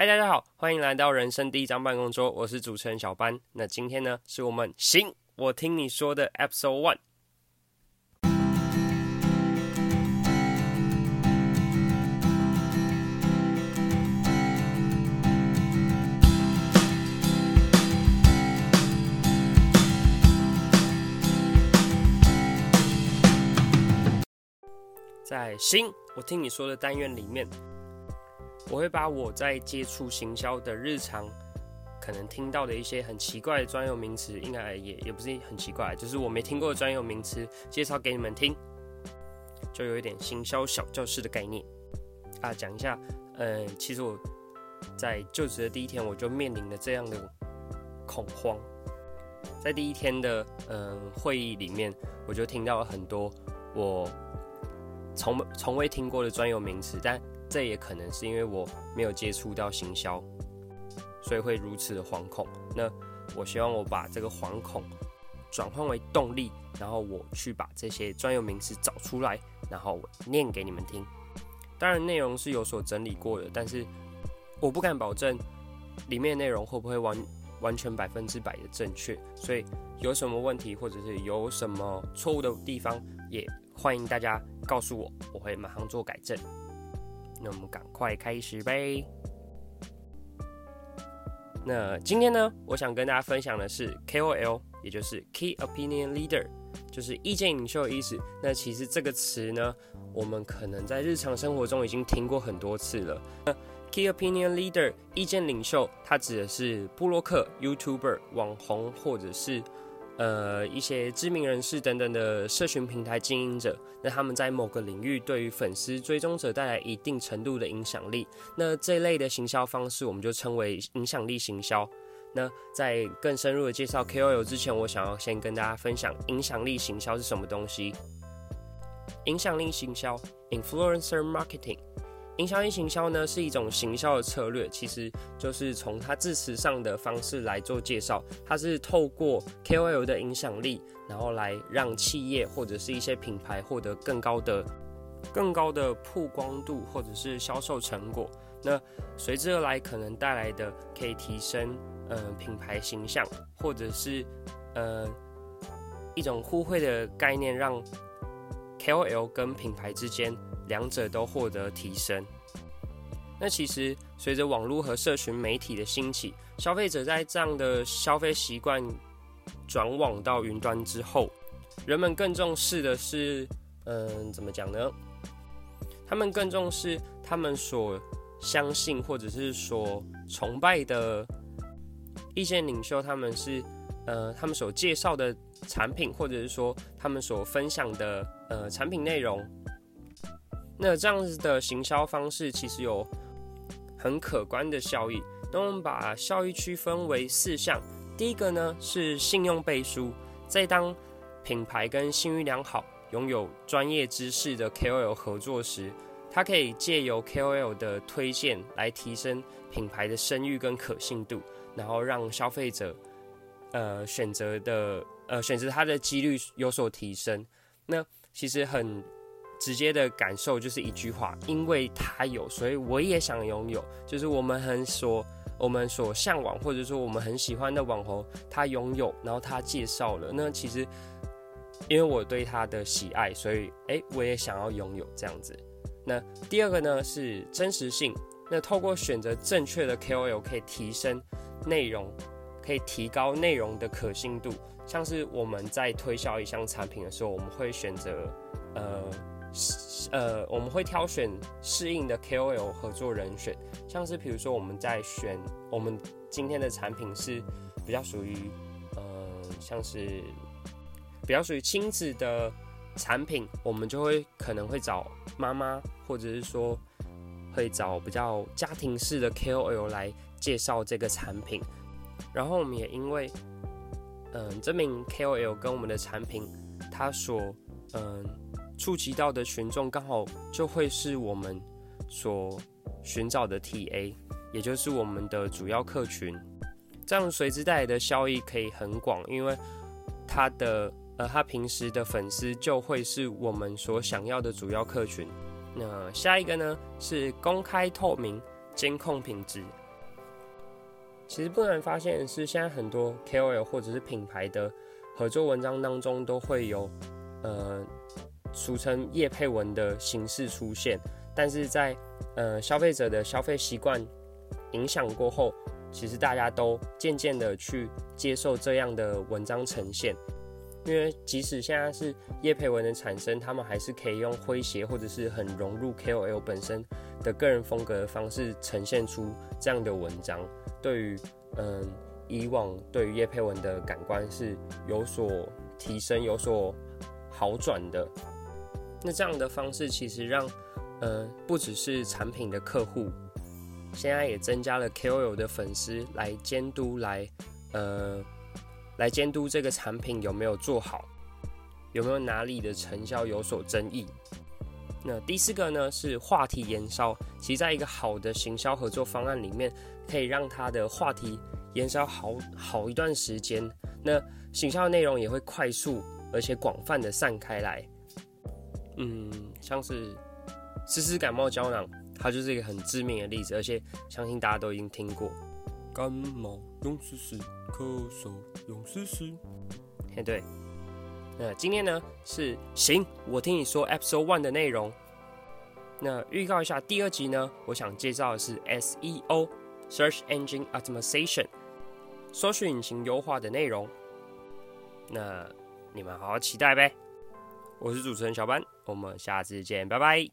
嗨，Hi, 大家好，歡迎來到人生第一張辦公桌，我是主持人小班。那今天呢，是我們行《行我聽你說》的 Episode One，在行《行我聽你說》的單元裡面。我會把我在接觸行銷的日常，可能聽到的一些很奇怪的專有名詞，應該也也不是很奇怪，就是我沒聽過的專有名詞，介紹給你們聽，就有一點行銷小教室的概念啊，講一下，呃，其實我在就職的第一天，我就面臨着這樣的恐慌，在第一天的嗯、呃、會議裡面，我就聽到了很多我從從未聽過的專有名詞，但。這也可能是因為我沒有接觸到行銷，所以會如此的惶恐。那我希望我把這個惶恐轉換為動力，然後我去把這些專有名詞找出來，然後我念給你們聽。當然，內容是有所整理過的，但是我不敢保證裡面的內容會不會完完全百分之百的正確。所以有什麼問題或者是有什麼錯誤的地方，也歡迎大家告訴我，我會馬上做改正。那我們趕快開始唄。那今天呢，我想跟大家分享的是 KOL，也就是 Key Opinion Leader，就是意見領袖的意思。那其實這個詞呢，我們可能在日常生活中已經聽過很多次了。那 Key Opinion Leader 意見領袖，它指的是部落客、YouTuber、網紅或者是。呃，一些知名人士等等的社群平台經營者，那他們在某個領域對於粉絲追蹤者帶來一定程度的影響力，那這一類的行銷方式我們就稱為影響力行銷。那在更深入的介紹 KOL 之前，我想要先跟大家分享影響力行銷是什麼東西。影響力行銷 （Influencer Marketing）。影響力行銷呢，是一種行銷的策略，其實就是從它字詞上的方式來做介紹。它是透過 KOL 的影響力，然後來讓企業或者是一些品牌獲得更高的、更高的曝光度，或者是銷售成果。那隨之而來可能帶來的，可以提升呃品牌形象，或者是呃一種互惠的概念，讓 KOL 跟品牌之間，兩者都獲得提升。那其實隨着網絡和社群媒體的興起，消費者在這樣的消費習慣轉往到雲端之後，人們更重視的是，嗯、呃，怎麼講呢？他們更重視他們所相信或者是所崇拜的一些領袖，他們是，呃，他們所介紹的產品，或者是說他們所分享的，呃，產品內容。那這樣子的行銷方式其實有很可觀的效益。那我們把效益區分為四項。第一個呢是信用背書，在當品牌跟信譽良好、擁有專業知識的 KOL 合作時，它可以借由 KOL 的推薦來提升品牌的聲譽跟可信度，然後讓消費者呃選擇的呃選擇它的幾率有所提升。那其實很。直接的感受就是一句話，因為他有，所以我也想擁有。就是我們很所我們所嚮往，或者說我們很喜歡的網紅，他擁有，然後他介紹了。那其實因為我對他的喜愛，所以哎、欸，我也想要擁有這樣子。那第二個呢是真實性。那透過選擇正確的 KOL，可以提升內容，可以提高內容的可信度。像是我們在推銷一項產品的時候，我們會選擇呃。呃，我們會挑選適應的 KOL 合作人選，像是比如說我們在選我們今天的產品是比較屬於呃，像是比較屬於親子的產品，我們就會可能會找媽媽或者是說會找比較家庭式的 KOL 來介紹這個產品。然後我們也因為嗯、呃，這名 KOL 跟我們的產品他所嗯。呃觸及到的群眾剛好就會是我們所尋找的 TA，也就是我們的主要客群，這樣隨之帶來的效益可以很廣，因為他的呃，他平時的粉絲就會是我們所想要的主要客群。那下一個呢是公開透明監控品質，其實不難發現是現在很多 KOL 或者是品牌的合作文章當中都會有呃。俗稱業配文的形式出現，但是在呃消費者的消費習慣影響過後，其實大家都漸漸的去接受這樣的文章呈現，因為即使現在是業配文的產生，他們還是可以用詼諧或者是很融入 KOL 本身的個人風格的方式呈現出這樣的文章，對於嗯、呃、以往對於業配文的感官是有所提升、有所好轉的。那這樣的方式其實讓，呃，不只是產品的客戶，現在也增加了 KOL 的粉絲來監督，來，呃，來監督這個產品有沒有做好，有沒有哪裡的成效有所爭議。那第四個呢是話題延燒，其實在一個好的行銷合作方案裡面，可以讓它的話題延燒好好一段時間，那行銷內容也會快速而且廣泛的散開來。嗯，像是斯斯感冒膠囊，它就是一個很致命的例子，而且相信大家都已經聽過。感冒用斯斯，咳嗽用斯斯。對對，那今天呢是行，我聽你說 episode one 的內容。那預告一下第二集呢，我想介紹的是 SEO，Search Engine Optimization，搜尋引擎優化的內容。那你們好好期待唄。我是主持人小班，我們下次見，拜拜。